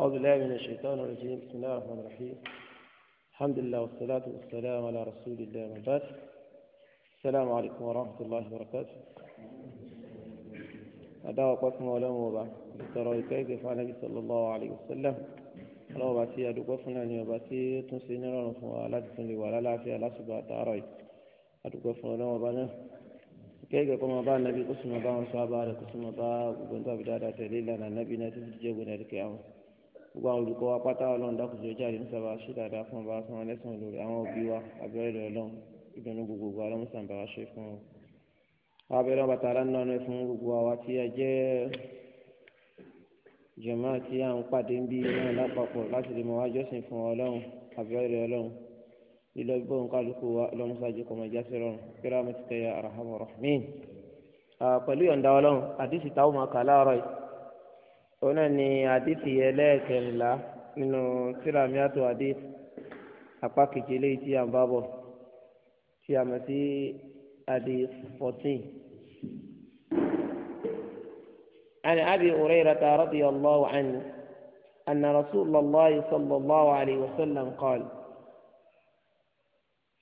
أعوذ بالله من الشيطان الرجيم بسم الله الرحمن الرحيم الحمد لله والصلاة والسلام على رسول الله من بعد السلام عليكم ورحمة الله وبركاته أدعو قسم ولم وضع بالترويك كيف فعل النبي صلى الله عليه وسلم الله وبعثي أدعو قسم لأن يبعثي تنسينا ونفو على جسم لي ولا العافية لا سبعة تعرأي أدعو قسم ولم وضعنا كيف قم بعد النبي قسم بعد صحابة قسم بعد وبنتها بدارة تليلنا النبي نتيجة ونالك يا gbogbo àwọn olùkọ́ wa pátá ọlọ́run dákùsí ọjà rẹ̀ nísàbà ṣe dáadáa fún ọba fún ẹlẹ́sìn olórí àwọn òbí wa abẹ́rẹ́ rẹ̀ ọlọ́run ìdùnnú gbogbogbò ọlọ́run sàǹbà wa ṣe fún wọn. abẹ́rẹ́ bàtà aláǹdáná fún gbogbo àwa tí a jẹ́ jàmáà tí à ń pàdé ń bí náà lápapọ̀ láti lè mọ wá jọ́sìn fún ọlọ́run abẹ́rẹ́ rẹ̀ ọlọ́run ilé ọgbẹ́ òun kálukú wa ọlọ́run sáájú kọ́mọ jásí rọrùn kírámù ti tẹ̀yà àràhàmù rọ̀hìn. pẹ̀lú yọ̀ǹda ọlọ́run àdìsí táwọn máa kà láàárọ̀ yìí ona ni àdìsí ẹlẹ́ẹ̀kẹrìnlá nínú tìramiato àdìs apá kejì eléyìí tí a ń bá bọ̀ tí a mọ̀ sí àdìs fourteen. عن أبي هريرة رضي الله عنه أن رسول الله صلى الله عليه وسلم قال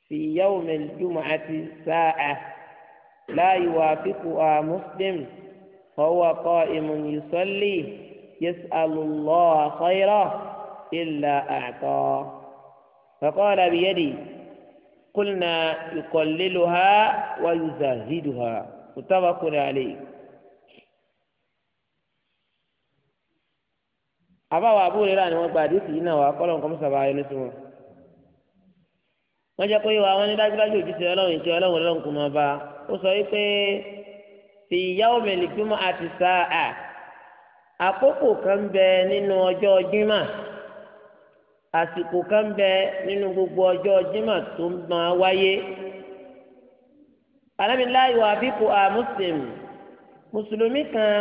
في يوم الجمعة ساعة لا يوافقها مسلم فهو قائم يصلي يسأل الله خيره إلا أعطاه فقال بيدي قلنا يقللها ويزهدها متفق عليه àbáwọ̀ àbúrò rẹ̀ ni wọ́n gba àdéhùn yìí náà wà kọ́ lọ́nkọ́ mọ́sàbá ẹni sí wọn. wọ́n jẹ́ pé wa wọ́n ní dájúdájú òjíṣẹ́ ọlọ́run ìṣẹ́ ọlọ́run ọlọ́run kò máa bá ó sọ wípé fìyàwó mẹ́lìkúmọ́ àti sáà àkókò kan bẹ nínú ọjọ́ jimá àsìkò kan bẹ nínú gbogbo ọjọ́ jimá tó máa wáyé alábìláyò àbíkù à mùsùlùm mùsùlùmí kan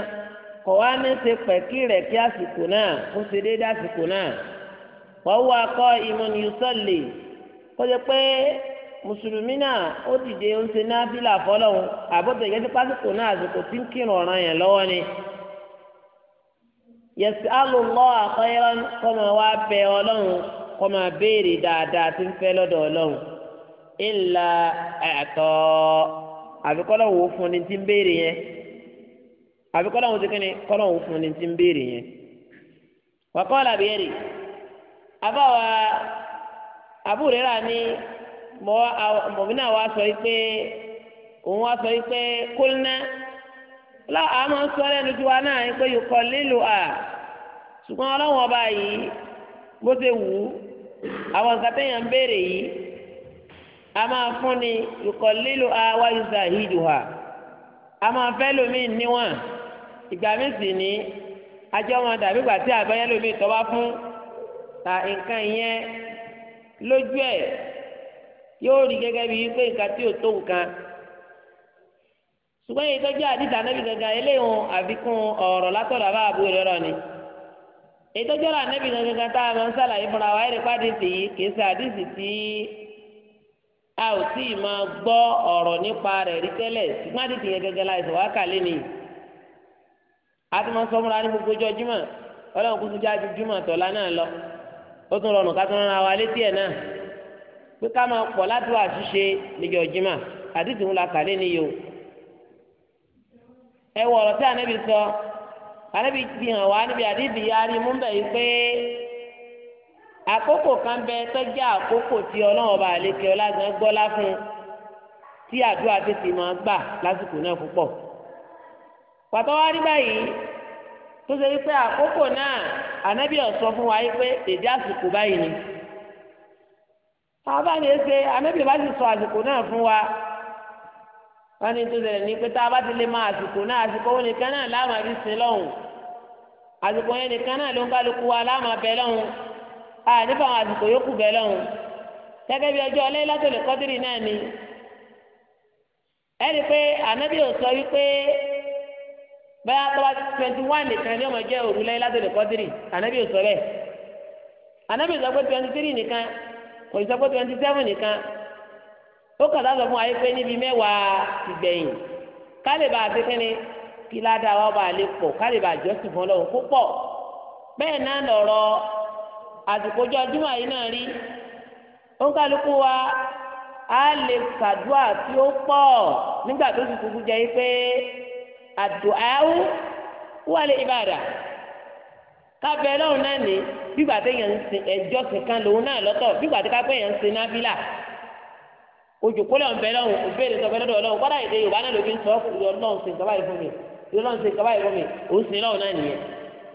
kò wá ní ṣe pẹ̀kí rẹ̀ kí àsìkò náà kó ṣe déédé àsìkò náà wọ́n wá kọ́ ìmọ̀nìyùsọ̀lì kó jẹ́ pé mùsùlùmí náà ó dìde ó ń ṣe náà bílà fọlọ́hún àbọ̀tẹ̀gẹ́sí pásítọ̀ náà àsìkò tí ń kírun ọ̀ràn yẹn lọ́wọ́ ni. yẹsẹ alùlọ àkọyẹrọ kọmọ wa bẹ Ọlọ́run kọmọ béèrè dáadáa tí ń fẹ lọ́dọ̀ Ọlọ́run ìlà ẹtọ àbíkọlọ fún ni yẹn àbíkọlọ kọlọ fún ni ń béèrè yẹn wàkọọlà béèrè abáwa ni mọ̀ mọ̀mí náà wá sọ yìí pé òun wá sọ yìí lọ àmọ́ sọ lẹ́nu tí wa náà ń pé yòókọ̀ lílo a ọba yìí bó ṣe wù ú àwọn nǹkan téèyàn ń béèrè yìí a máa fún ni yòókọ̀ lílo a máa fẹ́ níwọ̀n ìgbà mi sì ní ajọ́ dàbí ìgbà tí àgbẹ̀yẹ lómi bá fún ta nǹkan yẹn lójú yóò rí gẹ́gẹ́ nǹkan ṣùgbọ́n èyí tó jẹ́ àdìsá anábì gangan eléyìí àfikún ọ̀rọ̀ látọ̀dọ̀ àbá àbúrò rẹ̀ ni èyí tó jẹ́ ànábì gangan tá a máa ń sàlàyé fúnra wa ẹ̀rẹ̀ pàdésì yìí kì í ṣe àdìsí tí a ò tí ì máa gbọ́ ọ̀rọ̀ nípa rẹ̀ rí tẹ́lẹ̀ ṣùgbọ́n àdìsí yẹn gangan láìsàn wá kàlẹ́ nìyí a ti máa sọ fúnra ní gbogbo ọjọ́ júmọ̀ ọlọ́run kó àdìsí ńlá kàlẹ́ nìyí o ẹ wọ ọ̀rọ̀ tí anabi sọ anabi fi hàn wá níbi àdídì yarí mú bẹ̀ yìí pé àkókò kan bẹ tọ́jú àkókò tí ọlọ́run ọba àlekè ọlágan gbọ́lá fún tí àdúrà tètè máa gbà lásìkò náà púpọ̀ pàtó wá rí báyìí tó ṣe wípé àkókò náà anabi ọ̀sọ́ fún wa yìí pé èdè àsìkò báyìí ni àbáyé ṣe anabi bá ti sọ àsìkò náà fún wa wọ́n ní tó tẹ̀lé ní pé tá a bá ti lè máa àsìkò náà àsìkò wọn nìkan náà láàmà fi sin lọ́hùn àsìkò yẹn nìkan náà ló ń kálukú wa láàmà bẹ́ lọ́hùn a nípa àwọn àsìkò yòókù bẹ́ lọ́hùn gẹ́gẹ́ bí ọjọ́ ọlẹ́yìn látòlè kọ́dírì náà ni ẹni pé ànábì ò sọ wípé bẹ́ẹ̀ àtọ́wá twenty one nìkan ni ọmọ jẹ́ òru lẹ́yìn látòlè kọ́dírì ànábì ò sọ bẹ́ẹ̀ twenty three nìkan kò sọ twenty seven nìkan ó kàdá sọ fún wa pé níbi mẹ́wàá ìgbẹ̀yìn kálíbà àti kínní kí ládàá wa bá lè pọ̀ kálíbà jọ́sìn fún ọlọ́run púpọ̀ bẹ́ẹ̀ náà lọ̀rọ̀ àsìkòjọ́ júmọ̀ yìí náà rí ó ń kálukú wa á lè ṣàdúrà tí ó pọ̀ nígbà tó sì kúkú jẹ́ pé àdùáwù wà lè ìbàdà kábẹ́ lọ́run náà ní bígbà téèyàn ń sin ẹjọ́ sìn lòun náà lọ́tọ̀ bígbà tí kápẹ́ yẹn ń sin náfìlà ojúkúlẹ̀ ọ̀nbẹ lọ́hùn òbéèrè sọ̀bẹ lọ́dọ̀ ọlọ́hùn kọ́dà èdè yorùbá náà lóbi ń sọ ọkùnrin ọlọ́hùn sí ìjọba ìfún mi ọlọ́hùn sí ìjọba ìfún mi òun sì lọ́hùn náà nìyẹn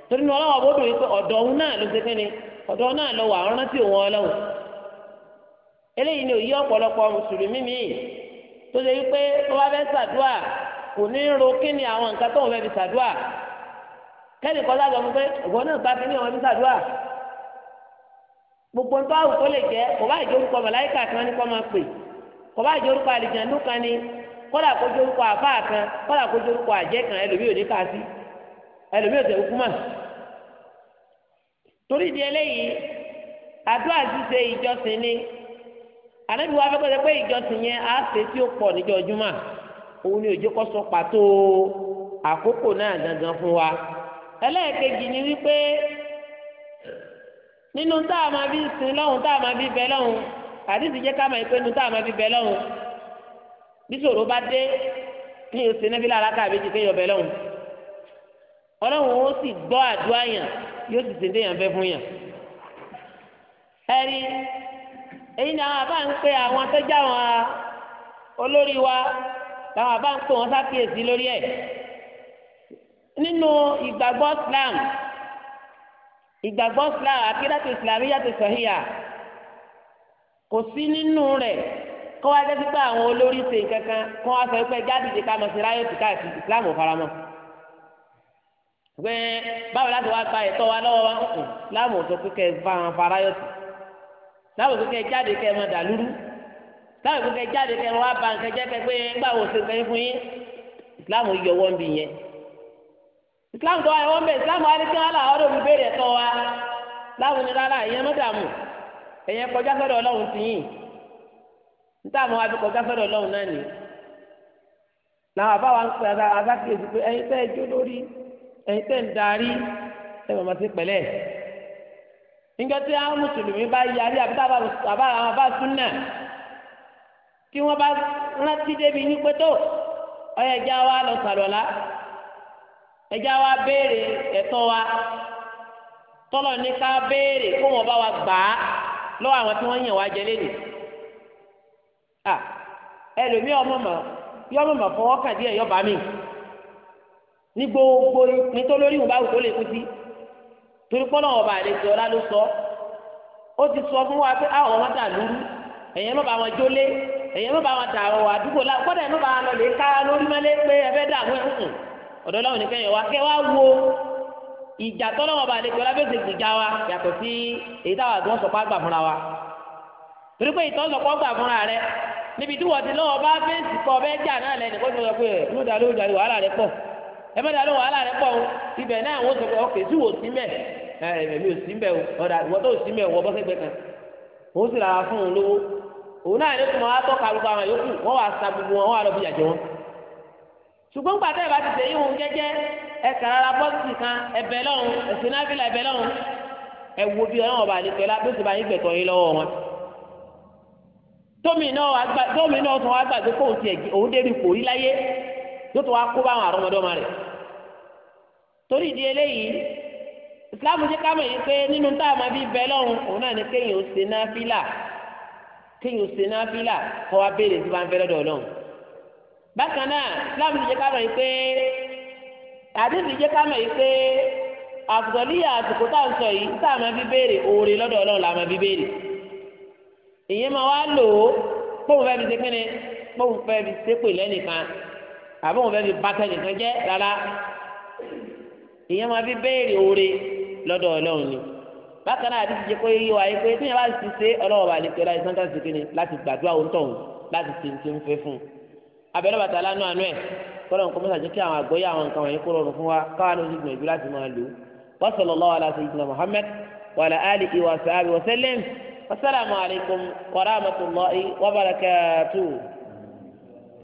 torí ní ọlọ́hùn ọbọ̀dọ̀ yìí pé ọ̀dọ̀ òun náà ló ṣe fẹ́ ni ọ̀dọ̀ náà lọ wà ọ̀rán tí òun ọlọ́hùn eléyìí ni òye ọ̀pọ̀lọpọ̀ mùsùlùmí mi tó ṣe wípé tó bá fẹ́ ṣàdúà kò ní ro kí ni àwọn nǹkan tó wọn fẹ́ fi ṣàdúà kẹ́lì kọ́lá sọ fún pé ìwọ náà bá fi ní àwọn fi ṣàdúà gbogbo nǹkan àwùjọ lè jẹ́ kò bá ìjókòó màláìkà kan ní kọ́ máa pè kò bá jẹ orúkọ àlìjàndú kan ni kódà kó jẹ orúkọ àfáà kan kódà kó jẹ orúkọ àjẹ́ kan ẹlòmíì ò ní ká sí ẹlòmíì ò tẹ okú mà torí di eléyìí àdúrà ṣíṣe ìjọsìn ni ànábi wa fẹkọọ pé ìjọsìn yẹn á ṣe tí ó pọ̀ níjọ́ júmà òun ni òjò kọ sọ pàtó àkókò náà gangan fún wa ẹlẹ́ẹ̀kejì ni wípé nínú tá a máa bí sin lọ́hùn tá a máa bí bẹ lọ́hùn àdìsí jẹ́ ká mọ̀ ẹ́ pé nu tá a máa fi bẹ lọ́hùn bí ṣòro bá dé ní oṣù níbi lára káàbí ti kéèyàn bẹ lọ́hùn ọlọ́run ó sì gbọ́ àdúrà yàn yóò sì ṣèǹdé yàn fẹ́ fún yàn. ẹ̀rí èyí ni àwọn àbá ń pe àwọn sọ́jà wọn olórí wa làwọn àbá ń pe wọn sákìyèsí lórí ẹ̀ nínú ìgbàgbọ́ Islam ìgbàgbọ́ Islam akídàtò Islam yàtọ̀ sọ̀híyà. So kò sí nínú rẹ̀ kó wá jẹ́ pípé àwọn olórí ṣe kankan kó wá sọ pé jáde ká mọ̀ sí ráyọ̀ tó káàkiri islam ò faramọ́ pé báwo láti wá gba ẹ̀tọ́ wa lọ́wọ́ wa ń islam ò sọ pé kẹ́ ẹ fa àwọn faráyọ̀ tó islam ò sọ pé kẹ́ ẹ jáde kẹ́ ẹ mọ̀ dàlúrú islam ò sọ pé kẹ́ ẹ jáde kẹ́ ẹ wá ba nǹkan jẹ́ kẹ́ pé ńgbà wò ṣe nǹkan fún yín islam ò yọ wọ́n bì yẹn islam tó wá yọ wọ́n bẹ̀ islam wá ní kí wọ́n là ọ́ ẹ̀yẹn kọjá sọ́dọ̀ ọlọ́run ti yìn níta àwọn wa kọjá sọ́dọ̀ ọlọ́run náà làwọn àbá wa ń pè ara asákèjì pé ẹ̀yin tẹ́ ẹ jó lórí ẹ̀yin tẹ́ ń darí ẹ mọ̀ sí pẹ̀lẹ́ nígbà tí àwọn mùsùlùmí bá yarí àbí àbá àwọn àbá súnà lọ sàlọ́lá ẹja wa béèrè wa tọ́lọ̀ ní ká béèrè kó wọ́n wa lọ́wọ́ àwọn tí wọ́n yàn wá jẹ lẹ́nu à ẹlòmíì ọmọ mọ̀ yọ ọmọ mọ̀ fọwọ́ kàn díẹ̀ yọba mi ní gbogbo ní tó lórí ìwúbáwò tó lè kú sí torí pọ́nà ọba àlejò ọlá ló sọ ó ti sọ fún wa pé àwọn ọmọ tà lúrú ẹ̀yẹn mọ̀ bá wọn jólé ẹ̀yẹn mọ̀ bá wọn tà ọ̀ àdúgbò lá kọ́dà ẹ̀ mọ̀ bá wọn lọ lè ká lórí mọ́lé pé ẹ fẹ́ dààmú ẹ̀ ń ọ̀dọ́ ìjà tọ́lọ́wọ́ bá àlejò lábẹ́sẹ̀ ìjà wa yàtọ̀ sí èyí táwọn àti wọn sọ̀kọ́ àgbà fúnra wa torí pé ìtọ́ sọ̀kọ́ àgbà fúnra rẹ níbi tí wọ́n ti lọ́wọ́ bá fẹ́ǹsì kọ́ bẹ́ẹ̀ jà náà lẹ́nu kó sọ pé ẹ̀ ló wàhálà rẹ pọ̀ ẹ má wàhálà rẹ pọ̀ ibẹ̀ náà wọ́n sọ pé wò sí mẹ́ ẹ ẹ̀mí ò sí mẹ́ o tó sí mẹ́ o wọ́n òun sì rà fún lówó òun náà ṣùgbọ́n gbàtẹ́ ìbá ti tẹ̀ yín wọn jẹ́jẹ́ ẹ kàrara bọ́ọ̀sì kan ẹbẹ̀ lọ́hùn ẹ̀sìn náà fi là ẹbẹ̀ lọ́hùn ẹ wo bí ọlọ́wọ́n bá lè tẹ̀lé abẹ́sẹ̀ bá yín gbẹ̀tọ̀ yín lọ́wọ́ wọn. tómi náà tómi náà tún wá gbàgbé kóun tiẹ̀ òun débi kò rí láyé yóò tún wá kó báwọn àrọ́mọdọ́mọ rẹ̀. torí ìdí eléyìí ìsìláàmù jẹ́ kámọ̀ yìí pé nínú táwọn máa bí bẹ́ẹ̀ lọ́rùn òun náà ni kéèyàn ó ṣe náfìlà kéèyàn ó ṣe náfìlà kọ́ wa béèrè tí wọ́n á fẹ́ lọ́dọ̀ ọlọ́run bákan náà islam ti jẹ́ ká mọ̀ yìí pé àdéhùn ti jẹ́ ká mọ̀ yìí pé àfùsọ̀líyà àsìkò tá à ń sọ yìí tá a máa fi béèrè oore lọ́dọ̀ ọlọ́run la máa fi béèrè ìyẹn máa wá lò ó pọ́ùn fẹ́ fi ṣe kínni pọ́ùn fẹ́ fi ṣépè lẹ́nìkan àbọ̀n fẹ́ fi bàtà nìkan jẹ́ rárá ìyẹn máa fi béèrè oore lọ́dọ̀ ọlọ́run ni bákan náà àdéhùn ti jẹ́ kó yí wa yìí pé tí yẹn bá ti ṣe ọlọ́run bá lè pẹ́ láti sáńtà láti gbàdúrà abẹ́rẹ́ bàtà lánàá àánú ẹ̀ kọ́lọ̀ nǹkan mọ́tà jẹ́ kí àwọn àgbọ̀yé àwọn nǹkan wọ̀nyí kúrò fún wa káwọn ló ti gbìyànjú láti máa lò wa sallallahu ala sayyidina Muhammad wa ala alihi wa sahbihi wa sallam alaykum wa rahmatulahi